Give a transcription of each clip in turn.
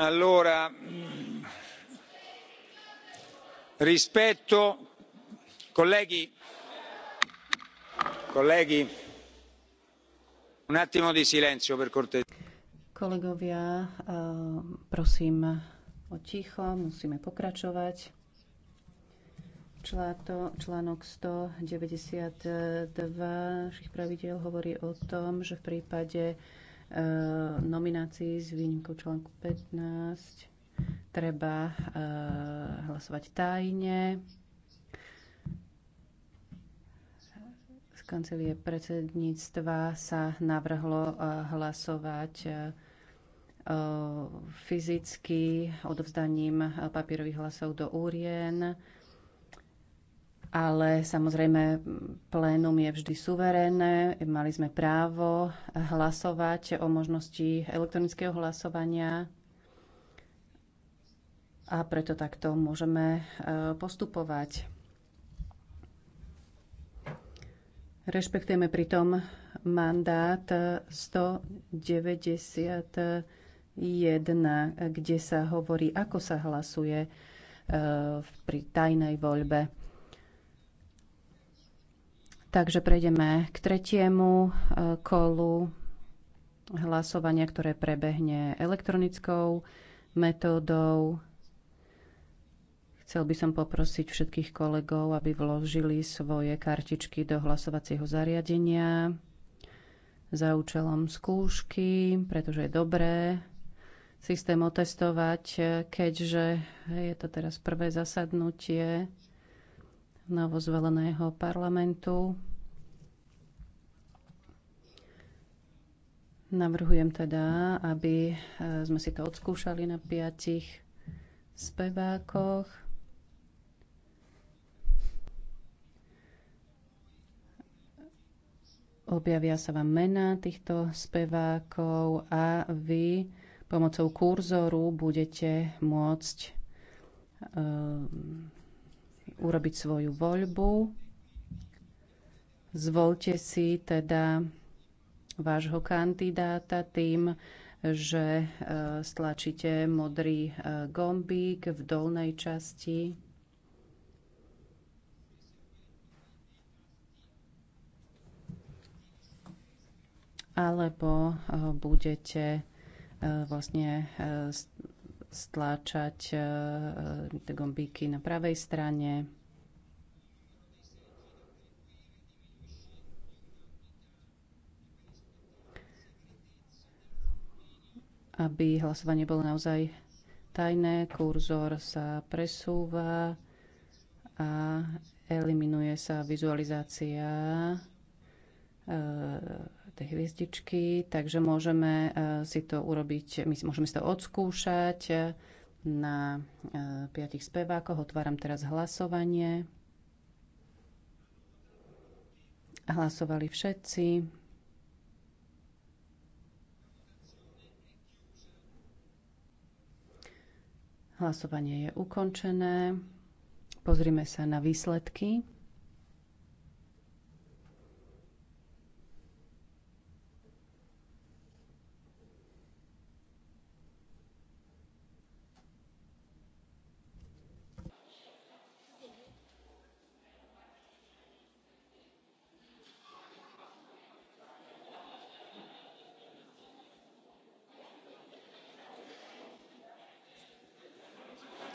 allora mm, rispetto colleghi colleghi un attimo di silenzio per cortesia. kolegovia eh, prosím o ticho musíme pokračovať článok 192 našich pravidiel hovorí o tom, že v prípade Eh, nominácií s výnimkou článku 15 treba eh, hlasovať tajne. Z kancelie predsedníctva sa navrhlo eh, hlasovať fyzicky odovzdaním papierových hlasov do úrien ale samozrejme plénum je vždy suverénne. Mali sme právo hlasovať o možnosti elektronického hlasovania a preto takto môžeme e, postupovať. Rešpektujeme pritom mandát 191, kde sa hovorí, ako sa hlasuje e, pri tajnej voľbe. Takže prejdeme k tretiemu e, kolu hlasovania, ktoré prebehne elektronickou metódou. Chcel by som poprosiť všetkých kolegov, aby vložili svoje kartičky do hlasovacieho zariadenia za účelom skúšky, pretože je dobré systém otestovať, keďže je to teraz prvé zasadnutie novozvoleného parlamentu. Navrhujem teda, aby e, sme si to odskúšali na piatich spevákoch. Objavia sa vám mená týchto spevákov a vy pomocou kurzoru budete môcť e, urobiť svoju voľbu. Zvolte si teda vášho kandidáta tým, že e, stlačíte modrý e, gombík v dolnej časti. alebo e, budete vlastne stláčať tie e, gombíky na pravej strane. aby hlasovanie bolo naozaj tajné. Kurzor sa presúva a eliminuje sa vizualizácia e, tie hviezdičky, takže môžeme e, si to urobiť, my si môžeme si to odskúšať e, na e, piatich spevákoch. Otváram teraz hlasovanie. Hlasovali všetci. Hlasovanie je ukončené. Pozrime sa na výsledky.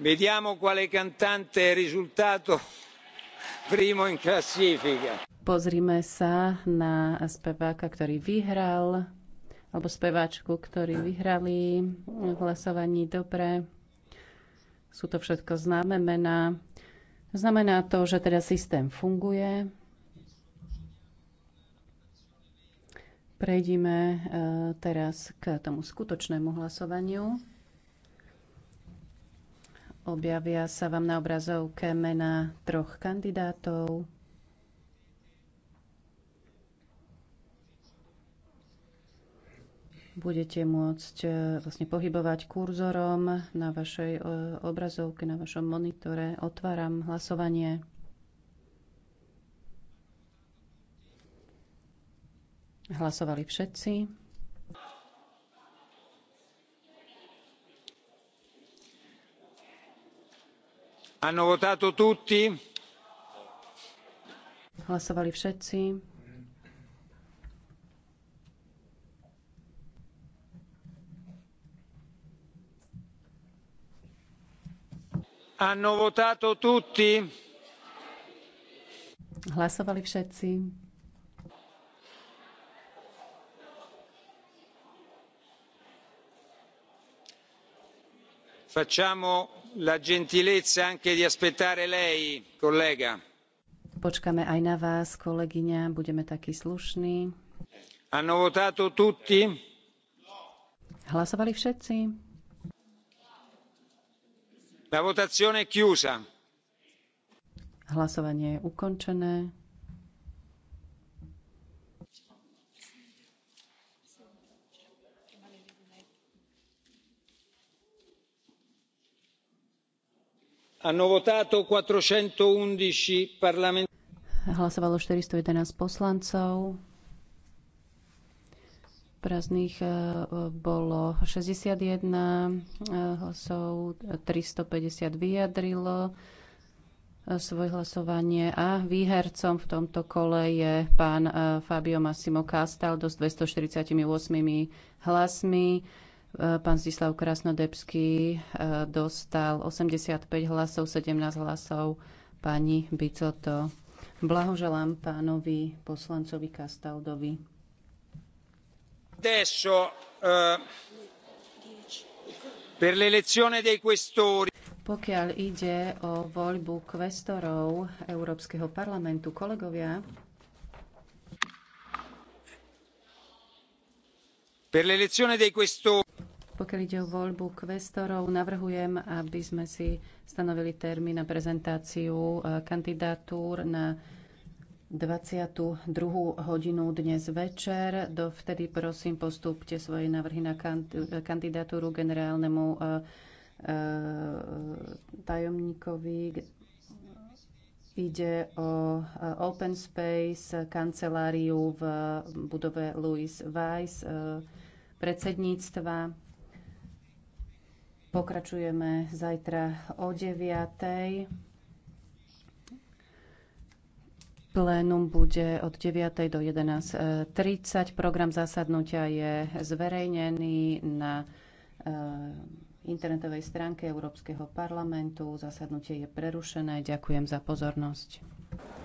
Vediamo quale cantante è risultato primo in classifica. Pozrime sa na speváka, ktorý vyhral, alebo speváčku, ktorí vyhrali v hlasovaní dobre. Sú to všetko známe mená. Znamená to, že teda systém funguje. Prejdime eh, teraz k tomu skutočnému hlasovaniu. Objavia sa vám na obrazovke mená troch kandidátov. Budete môcť e, vlastne pohybovať kurzorom na vašej e, obrazovke, na vašom monitore. Otváram hlasovanie. Hlasovali všetci. Hanno votato tutti? Hlasovali všetci. Hanno votato tutti? Hlasovali všetci. Facciamo la gentilezza anche di aspettare lei, collega. Počkáme aj na vás, kolegyňa, budeme takí slušní. Hanno votato tutti? Hlasovali všetci? La votazione è chiusa. Hlasovanie je ukončené. Hlasovalo votato 411 poslancov. Prázdnych eh, bolo 61 eh, hlasov, 350 vyjadrilo eh, svoje hlasovanie a výhercom v tomto kole je pán Fabio Massimo Castaldo s 248 hlasmi. Pán Zdislav Krasnodebský e, dostal 85 hlasov, 17 hlasov pani Bicoto. Blahoželám pánovi poslancovi Kastaldovi. Adesso, uh, per l'elezione dei questori. Pokiaľ ide o voľbu kvestorov Európskeho parlamentu, kolegovia, per l'elezione dei questori pokiaľ ide o voľbu kvestorov, navrhujem, aby sme si stanovili termín na prezentáciu e, kandidatúr na 22. hodinu dnes večer. Dovtedy prosím postúpte svoje návrhy na kandidatúru generálnemu e, e, tajomníkovi. Ide o Open Space, kanceláriu v budove Louis Weiss, predsedníctva Pokračujeme zajtra o 9. Plénum bude od 9. do 11.30. Program zasadnutia je zverejnený na eh, internetovej stránke Európskeho parlamentu. Zasadnutie je prerušené. Ďakujem za pozornosť.